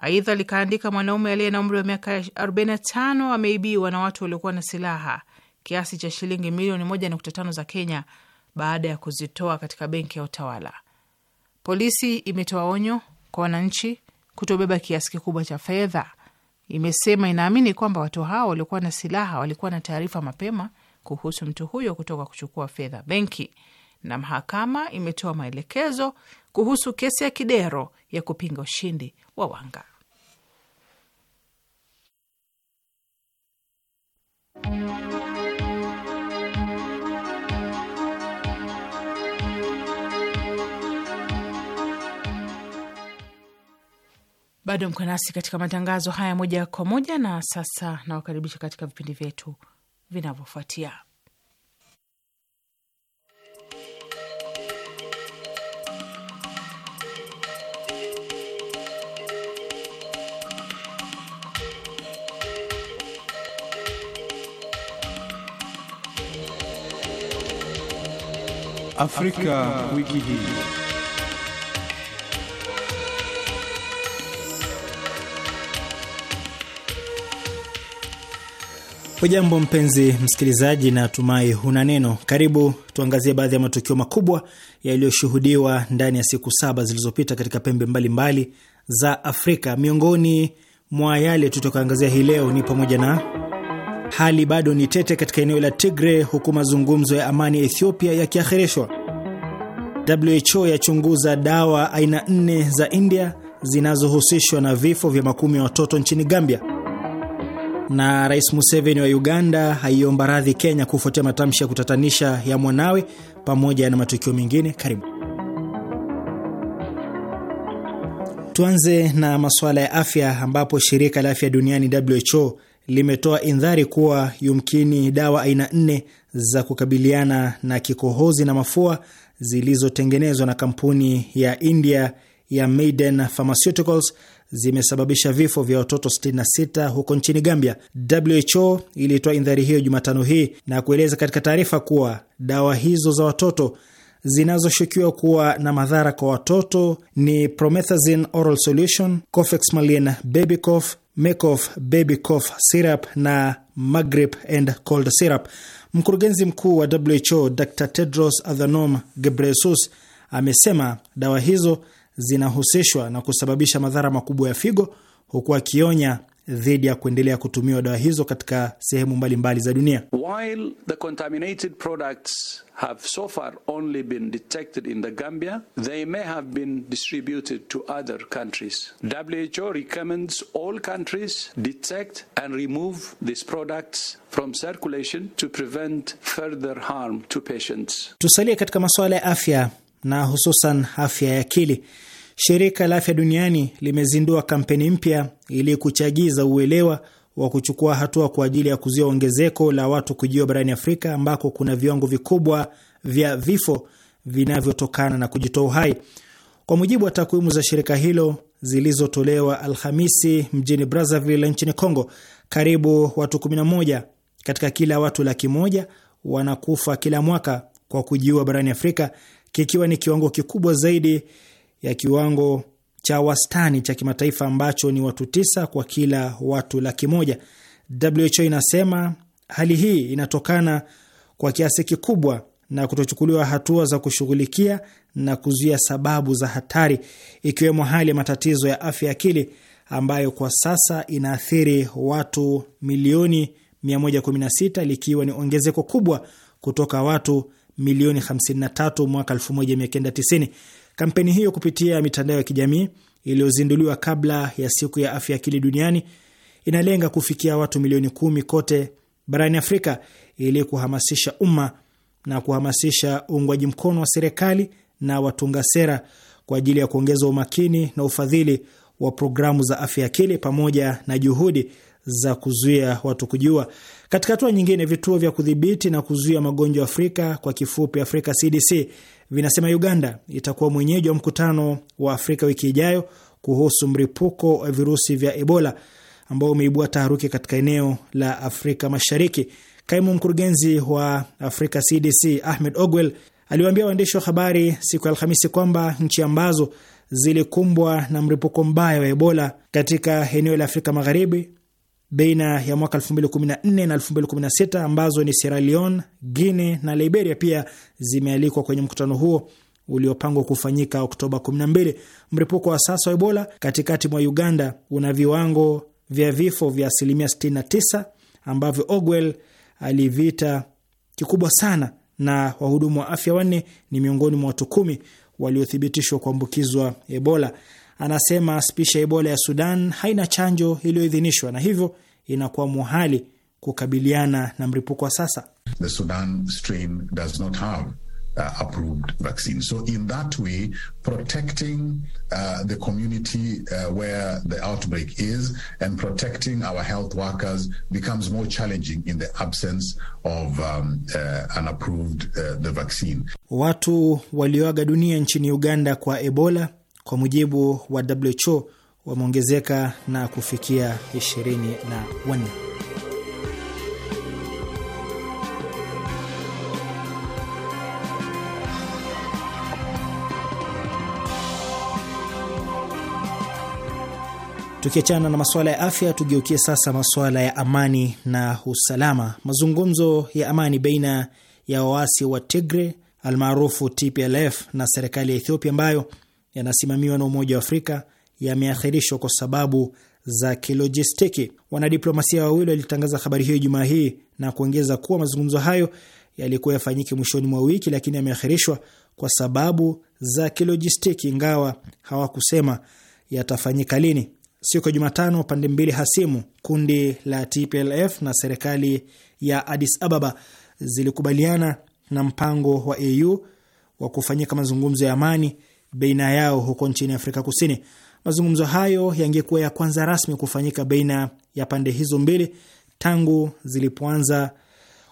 Aidha likaandika mwanaume aliye na umri wa miaka 45 ameibiwa na watu waliokuwa na silaha kiasi cha shilingi milioni 1.5 za Kenya baada ya kuzitoa katika benki ya utawala. Polisi imetoa onyo kwa wananchi kutobeba kiasi kikubwa cha fedha. Imesema inaamini kwamba watu hao waliokuwa na silaha walikuwa na taarifa mapema kuhusu mtu huyo kutoka kuchukua fedha benki, na mahakama imetoa maelekezo kuhusu kesi ya Kidero ya kupinga ushindi wa Wanga. Bado mko nasi katika matangazo haya moja kwa moja, na sasa nawakaribisha katika vipindi vyetu vinavyofuatia. Afrika, Afrika wiki hii. Hujambo mpenzi msikilizaji, na tumai huna neno. Karibu tuangazie baadhi ya matukio makubwa yaliyoshuhudiwa ndani ya siku saba zilizopita katika pembe mbalimbali mbali za Afrika. Miongoni mwa yale tutakaangazia hii leo ni pamoja na hali bado ni tete katika eneo la Tigre, huku mazungumzo ya amani ya Ethiopia yakiahirishwa; WHO yachunguza dawa aina nne za India zinazohusishwa na vifo vya makumi ya watoto nchini Gambia na Rais Museveni wa Uganda aiomba radhi Kenya kufuatia matamshi ya kutatanisha ya mwanawe pamoja na matukio mengine. Karibu tuanze na masuala ya afya, ambapo shirika la afya duniani WHO limetoa indhari kuwa yumkini dawa aina nne za kukabiliana na kikohozi na mafua zilizotengenezwa na kampuni ya India ya Maiden Pharmaceuticals zimesababisha vifo vya watoto 66 huko nchini Gambia. WHO ilitoa indhari hiyo Jumatano hii na kueleza katika taarifa kuwa dawa hizo za watoto zinazoshukiwa kuwa na madhara kwa watoto ni promethazine oral solution, cofexmalin baby cough, mecof baby cough syrup na magrip and cold syrup. Mkurugenzi mkuu wa WHO Dr Tedros Adhanom Ghebreyesus amesema dawa hizo zinahusishwa na kusababisha madhara makubwa ya figo, huku akionya dhidi ya kuendelea kutumiwa dawa hizo katika sehemu mbalimbali za dunia. While the contaminated products have so far only been detected in the Gambia, they may have been distributed to other countries. WHO recommends all countries detect and remove these products from circulation to prevent further harm to patients. Tusalie katika masuala ya afya na hususan afya ya akili. Shirika la Afya Duniani limezindua kampeni mpya ili kuchagiza uelewa wa kuchukua hatua kwa ajili ya kuzuia ongezeko la watu kujiua barani Afrika ambako kuna viwango vikubwa vya vifo vinavyotokana na kujitoa uhai. Kwa mujibu wa takwimu za shirika hilo zilizotolewa Alhamisi mjini Brazzaville nchini Congo, karibu watu 11 katika kila watu laki moja wanakufa kila mwaka kwa kujiua barani Afrika, kikiwa ni kiwango kikubwa zaidi ya kiwango cha wastani cha kimataifa ambacho ni watu tisa kwa kila watu laki moja. WHO inasema hali hii inatokana kwa kiasi kikubwa na kutochukuliwa hatua za kushughulikia na kuzuia sababu za hatari, ikiwemo hali ya matatizo ya afya ya akili ambayo kwa sasa inaathiri watu milioni 116 likiwa ni ongezeko kubwa kutoka watu milioni 53 mwaka 1990. Kampeni hiyo kupitia mitandao ya kijamii iliyozinduliwa kabla ya siku ya afya akili duniani inalenga kufikia watu milioni kumi kote barani Afrika ili kuhamasisha umma na kuhamasisha uungwaji mkono wa serikali na watunga sera kwa ajili ya kuongeza umakini na ufadhili wa programu za afya akili pamoja na juhudi za kuzuia watu kujua Katika hatua nyingine, vituo vya kudhibiti na kuzuia magonjwa Afrika, kwa kifupi Afrika CDC, vinasema Uganda itakuwa mwenyeji wa mkutano wa Afrika wiki ijayo kuhusu mripuko wa virusi vya Ebola ambao umeibua taharuki katika eneo la Afrika Mashariki. Kaimu mkurugenzi wa Afrika CDC Ahmed Ogwel aliwaambia waandishi wa habari siku ya Alhamisi kwamba nchi ambazo zilikumbwa na mripuko mbaya wa Ebola katika eneo la Afrika Magharibi baina ya mwaka 2014 na 2016 ambazo ni Sierra Leone, Guinea na Liberia pia zimealikwa kwenye mkutano huo uliopangwa kufanyika Oktoba 12. Mripuko wa sasa wa Ebola katikati mwa Uganda una viwango vya vifo vya asilimia 69 ambavyo Ogwell alivita kikubwa sana, na wahudumu wa afya wanne ni miongoni mwa watu kumi waliothibitishwa kuambukizwa Ebola anasema spishi ya Ebola ya Sudan haina chanjo iliyoidhinishwa na hivyo inakuwa muhali kukabiliana na mlipuko wa sasa. The Sudan strain does not have Uh, approved vaccine. So in that way, protecting uh, the community uh, where the outbreak is and protecting our health workers becomes more challenging in the absence of um, uh, an approved uh, the vaccine. Watu walioaga dunia nchini Uganda kwa Ebola kwa mujibu wa WHO wameongezeka na kufikia 24. Tukiachana na masuala ya afya, tugeukie sasa masuala ya amani na usalama. Mazungumzo ya amani baina ya waasi wa Tigre almaarufu TPLF na serikali ya Ethiopia ambayo yanasimamiwa na Umoja wa Afrika yameahirishwa kwa sababu za kilojistiki. Wanadiplomasia wawili walitangaza habari hiyo Jumaa hii na kuongeza kuwa mazungumzo hayo yalikuwa yafanyike mwishoni mwa wiki, lakini yameahirishwa kwa sababu za kilojistiki, ingawa hawakusema yatafanyika lini. Siku ya Jumatano, pande mbili hasimu, kundi la TPLF na serikali ya Addis Ababa, zilikubaliana na mpango wa AU wa kufanyika mazungumzo ya amani baina yao huko nchini Afrika Kusini. Mazungumzo hayo yangekuwa ya kwanza rasmi kufanyika baina ya pande hizo mbili tangu zilipoanza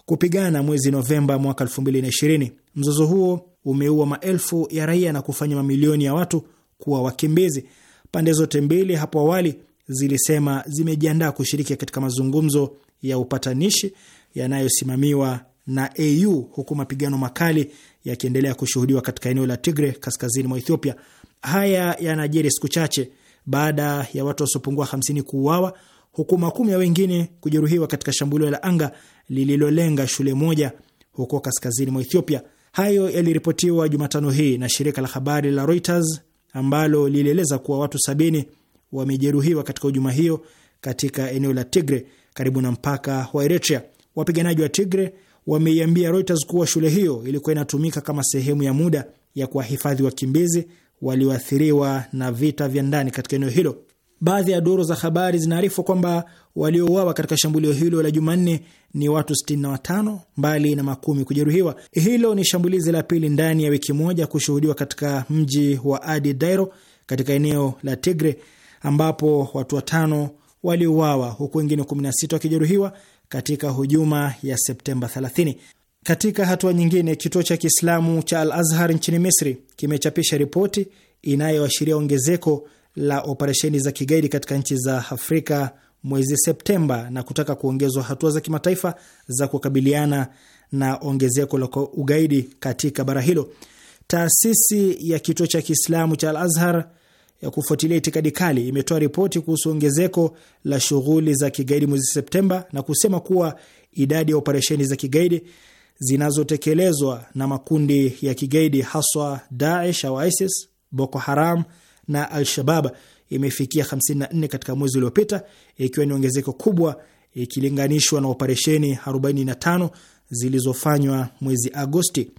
kupigana mwezi Novemba mwaka 2020. Mzozo huo umeua maelfu ya raia na kufanya mamilioni ya watu kuwa wakimbizi. Pande zote mbili hapo awali zilisema zimejiandaa kushiriki katika mazungumzo ya upatanishi yanayosimamiwa na AU huku mapigano makali yakiendelea kushuhudiwa katika eneo la Tigre kaskazini mwa Ethiopia. Haya yanajiri siku chache baada ya watu wasiopungua 50 kuuawa huku makumi ya wengine kujeruhiwa katika shambulio la anga lililolenga shule moja huko kaskazini mwa Ethiopia. Hayo yaliripotiwa Jumatano hii na shirika la habari la Reuters ambalo lilieleza kuwa watu sabini wamejeruhiwa katika hujuma hiyo katika eneo la Tigre karibu na mpaka wa Eritrea. Wapiganaji wa Tigre wameiambia Reuters kuwa shule hiyo ilikuwa inatumika kama sehemu ya muda ya kuwahifadhi wakimbizi walioathiriwa na vita vya ndani katika eneo hilo. Baadhi ya duru za habari zinaarifu kwamba waliouawa katika shambulio hilo la Jumanne ni watu 65 mbali na makumi kujeruhiwa. Hilo ni shambulizi la pili ndani ya wiki moja kushuhudiwa katika mji wa Adi Dairo katika eneo la Tigre ambapo watu watano waliuawa huku wengine 16 wakijeruhiwa katika hujuma ya Septemba 30. Katika hatua nyingine, kituo cha Kiislamu cha Al Azhar nchini Misri kimechapisha ripoti inayoashiria ongezeko la operesheni za kigaidi katika nchi za Afrika mwezi Septemba na kutaka kuongezwa hatua za kimataifa za kukabiliana na ongezeko la ugaidi katika bara hilo. Taasisi ya kituo cha Kiislamu cha Al Azhar ya kufuatilia itikadi kali imetoa ripoti kuhusu ongezeko la shughuli za kigaidi mwezi Septemba na kusema kuwa idadi ya operesheni za kigaidi zinazotekelezwa na makundi ya kigaidi haswa Daesh au ISIS, Boko Haram na Al-Shabab imefikia 54 katika mwezi uliopita, ikiwa ni ongezeko kubwa ikilinganishwa na operesheni 45 zilizofanywa mwezi Agosti.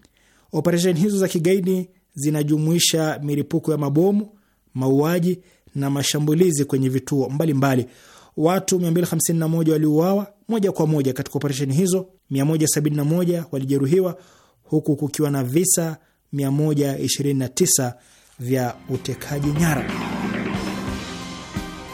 Operesheni hizo za kigaidi zinajumuisha milipuko ya mabomu mauaji na mashambulizi kwenye vituo mbalimbali mbali. Watu 251 waliuawa moja kwa moja katika operesheni hizo, 171 walijeruhiwa huku kukiwa na visa 129 vya utekaji nyara.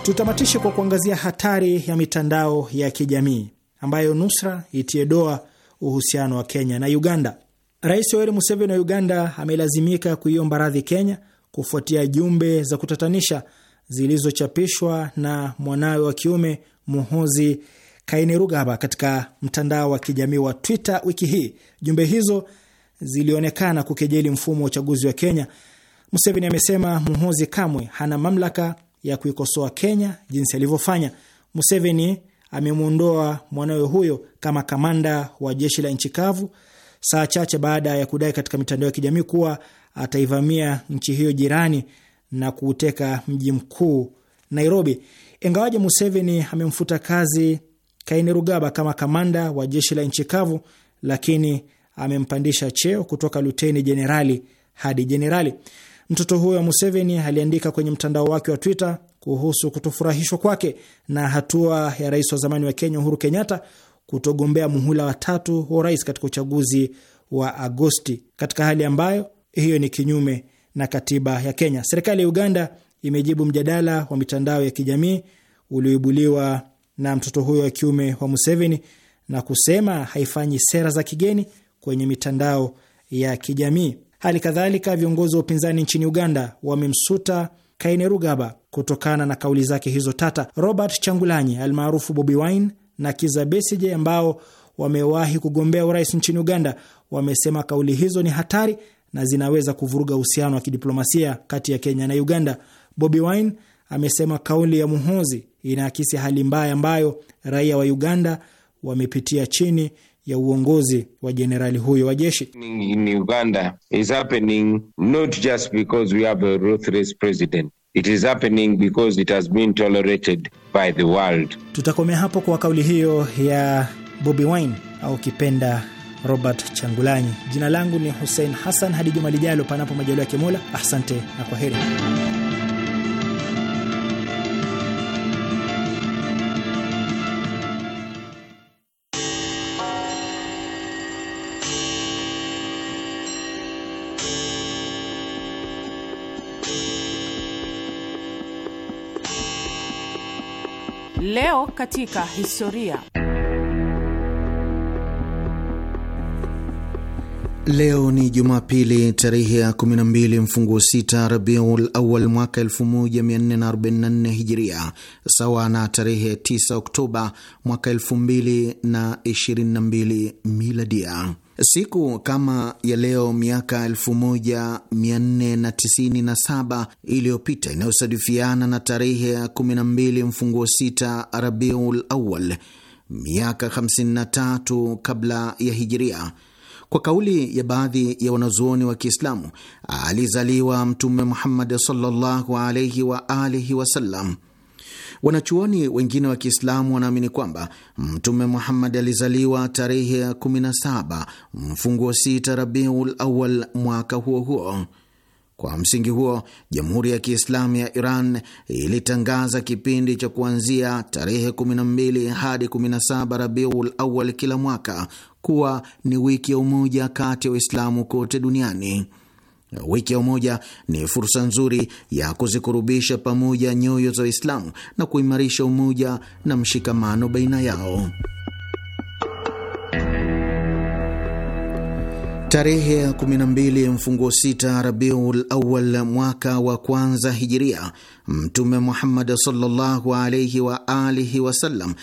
Tutamatishe kwa kuangazia hatari ya mitandao ya kijamii ambayo nusra itie doa uhusiano wa Kenya na Uganda. Rais Yoweri Museveni wa Uganda amelazimika kuiomba radhi Kenya kufuatia jumbe za kutatanisha zilizochapishwa na mwanawe wa kiume Muhozi Kainerugaba katika mtandao wa kijamii wa Twitter wiki hii. Jumbe hizo zilionekana kukejeli mfumo wa uchaguzi wa Kenya. Museveni amesema Muhozi kamwe hana mamlaka ya kuikosoa Kenya jinsi alivyofanya. Museveni amemwondoa mwanawe huyo kama kamanda wa jeshi la nchi kavu saa chache baada ya kudai katika mitandao ya kijamii kuwa ataivamia nchi hiyo jirani na kuuteka mji mkuu Nairobi. Ingawaje Museveni amemfuta kazi Kainerugaba kama kamanda wa jeshi la nchi kavu, lakini amempandisha cheo kutoka luteni jenerali hadi jenerali. Mtoto huyo wa Museveni aliandika kwenye mtandao wake wa Twitter kuhusu kutofurahishwa kwake na hatua ya rais wa zamani wa Kenya Uhuru Kenyatta kutogombea muhula wa tatu wa urais katika uchaguzi wa Agosti, katika hali ambayo hiyo ni kinyume na katiba ya Kenya. Serikali ya Uganda imejibu mjadala wa mitandao ya kijamii ulioibuliwa na mtoto huyo wa kiume wa Museveni na kusema haifanyi sera za kigeni kwenye mitandao ya kijamii. Hali kadhalika, viongozi wa upinzani nchini Uganda wamemsuta Kainerugaba kutokana na kauli zake hizo tata. Robert Changulanyi almaarufu Bobi Wine na Kiza Besije ambao wamewahi kugombea urais nchini Uganda wamesema kauli hizo ni hatari na zinaweza kuvuruga uhusiano wa kidiplomasia kati ya Kenya na Uganda. Bobi Wine amesema kauli ya Muhozi inaakisi hali mbaya ambayo raia wa Uganda wamepitia chini ya uongozi wa jenerali huyo wa jeshi. In Uganda is happening not just because we have a ruthless president. It is happening because it has been tolerated by the world. Tutakomea hapo kwa kauli hiyo ya Bobi Wine au kipenda Robert Changulanyi. Jina langu ni Hussein Hassan, hadi juma lijalo, panapo majaliwa yake Mola. Asante na kwa heri. Leo katika historia Leo ni Jumapili tarehe ya 12 mfunguo 6 Rabiul Awal mwaka 1444 hijiria sawa na tarehe 9 Oktoba mwaka 2022 Miladia. Siku kama ya leo miaka 1497 iliyopita inayosadifiana na tarehe ya 12 mfunguo 6 Rabiul Awal, miaka 53 kabla ya hijiria kwa kauli ya baadhi ya wanazuoni wa Kiislamu, alizaliwa Mtume Muhammad sallallahu alaihi wa alihi wasallam. Wanachuoni wengine wa Kiislamu wanaamini kwamba Mtume Muhammad alizaliwa tarehe ya 17 mfunguo 6 Rabiul Awal mwaka huo huo. Kwa msingi huo, Jamhuri ya Kiislamu ya Iran ilitangaza kipindi cha kuanzia tarehe 12 hadi 17 Rabiul Awal kila mwaka kuwa ni wiki ya umoja kati ya Waislamu kote duniani. Wiki ya umoja ni fursa nzuri ya kuzikurubisha pamoja nyoyo za Waislamu na kuimarisha umoja na mshikamano baina yao. Tarehe ya 12 mfunguo 6 Rabiul Awal mwaka wa kwanza hijiria, Mtume Muhammad sallallahu alaihi wa alihi wasallam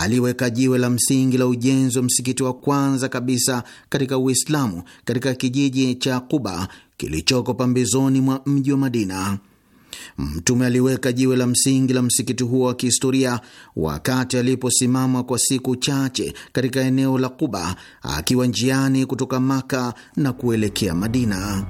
aliweka jiwe la msingi la ujenzi wa msikiti wa kwanza kabisa katika Uislamu katika kijiji cha Quba kilichoko pambezoni mwa mji wa Madina. Mtume aliweka jiwe la msingi la msikiti huo wa kihistoria wakati aliposimama kwa siku chache katika eneo la Kuba akiwa njiani kutoka Maka na kuelekea Madina.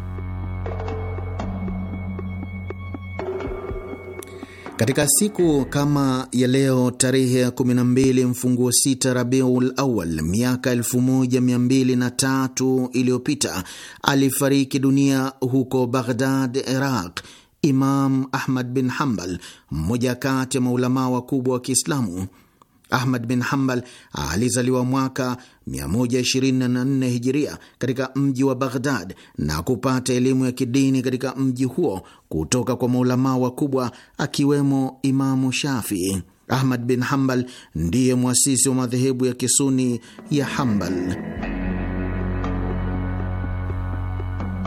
Katika siku kama ya leo tarehe 12 mfunguo 6 Rabiul Awal miaka 1203 iliyopita alifariki dunia huko Baghdad, Iraq Imam Ahmad bin Hambal, mmoja kati ya maulamaa wakubwa wa Kiislamu. Ahmad bin Hambal alizaliwa mwaka 124 hijiria katika mji wa Baghdad na kupata elimu ya kidini katika mji huo kutoka kwa maulamaa wakubwa akiwemo Imamu shafi Ahmad bin Hambal ndiye mwasisi wa madhehebu ya kisuni ya Hambal.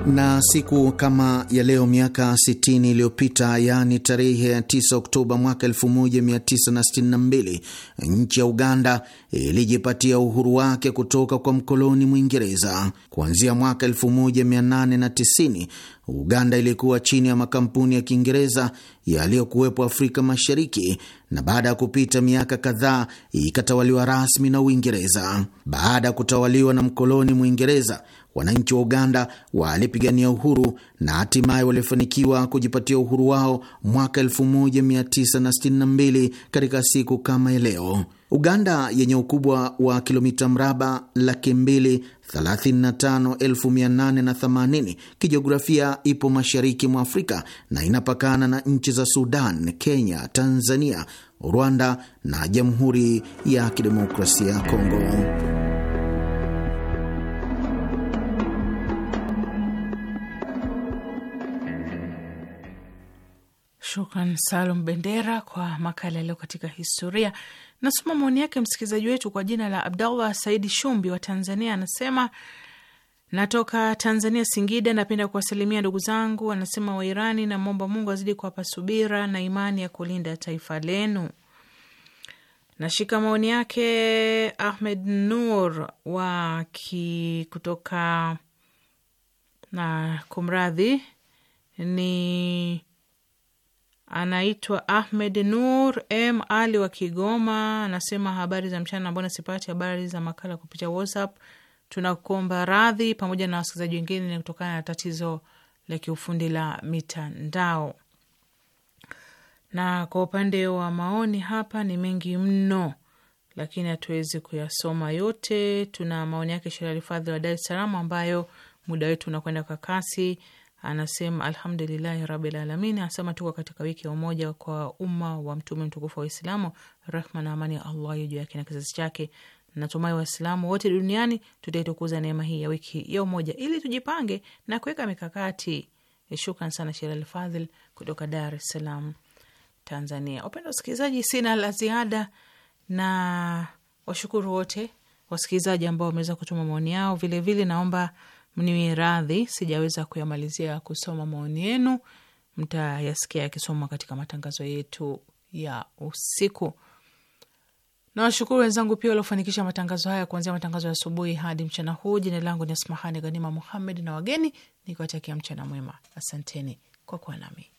Na siku kama ya leo miaka 60 iliyopita, yaani tarehe ya 9 Oktoba mwaka 1962, nchi ya Uganda ilijipatia uhuru wake kutoka kwa mkoloni Mwingereza. Kuanzia mwaka 1890 Uganda ilikuwa chini ya makampuni ya Kiingereza yaliyokuwepo Afrika Mashariki, na baada ya kupita miaka kadhaa ikatawaliwa rasmi na Uingereza. Baada ya kutawaliwa na mkoloni Mwingereza, wananchi wa Uganda walipigania uhuru na hatimaye walifanikiwa kujipatia uhuru wao mwaka 1962 katika siku kama ya leo. Uganda yenye ukubwa wa kilomita mraba laki mbili 35880 kijiografia ipo mashariki mwa Afrika na inapakana na nchi za Sudan, Kenya, Tanzania, Rwanda na Jamhuri ya Kidemokrasia ya Kongo. Shukran Salum Bendera kwa makala yaliyo katika historia. Nasoma maoni yake msikilizaji wetu kwa jina la Abdallah Saidi Shumbi wa Tanzania, anasema natoka Tanzania, Singida. Napenda kuwasalimia ndugu zangu, anasema Wairani, namomba Mungu azidi kuwapa subira na imani ya kulinda taifa lenu. Nashika maoni yake Ahmed Nur wa ki kutoka na kumradhi ni anaitwa Ahmed Nur M Ali wa Kigoma, anasema habari za mchana, mbona sipati habari za makala kupitia WhatsApp? Tunakuomba radhi pamoja na wasikilizaji wengine kutokana na tatizo la kiufundi la mitandao. Na kwa upande wa maoni hapa ni mengi mno, lakini hatuwezi kuyasoma yote. Tuna maoni yake Sherali Fadhili wa Dar es Salaam, ambayo muda wetu unakwenda kwa kasi anasema alhamdulilahi rabil alamin. Anasema tuko katika wiki ya umoja kwa umma wa mtume mtukufu wa Uislamu, rehma na amani ya Allah juu yake na kizazi chake. Natumai Waislamu wote duniani tutaitukuza neema hii ya wiki ya umoja ili tujipange na kuweka mikakati. Eh, shukran sana Sheikh Al-Fadhil kutoka Dar es Salaam, Tanzania. Wapenda wasikilizaji, sina la ziada na washukuru wote wasikilizaji ambao wameweza kutuma maoni yao. Vilevile naomba Mniwe radhi, sijaweza kuyamalizia kusoma maoni yenu, mtayasikia yakisomwa katika matangazo yetu ya usiku. Nawashukuru wenzangu pia waliofanikisha matangazo haya kuanzia matangazo ya asubuhi hadi mchana huu. Jina langu ni Asmahani Ghanima Muhammed na wageni nikiwatakia mchana mwema. Asanteni kwa kuwa nami.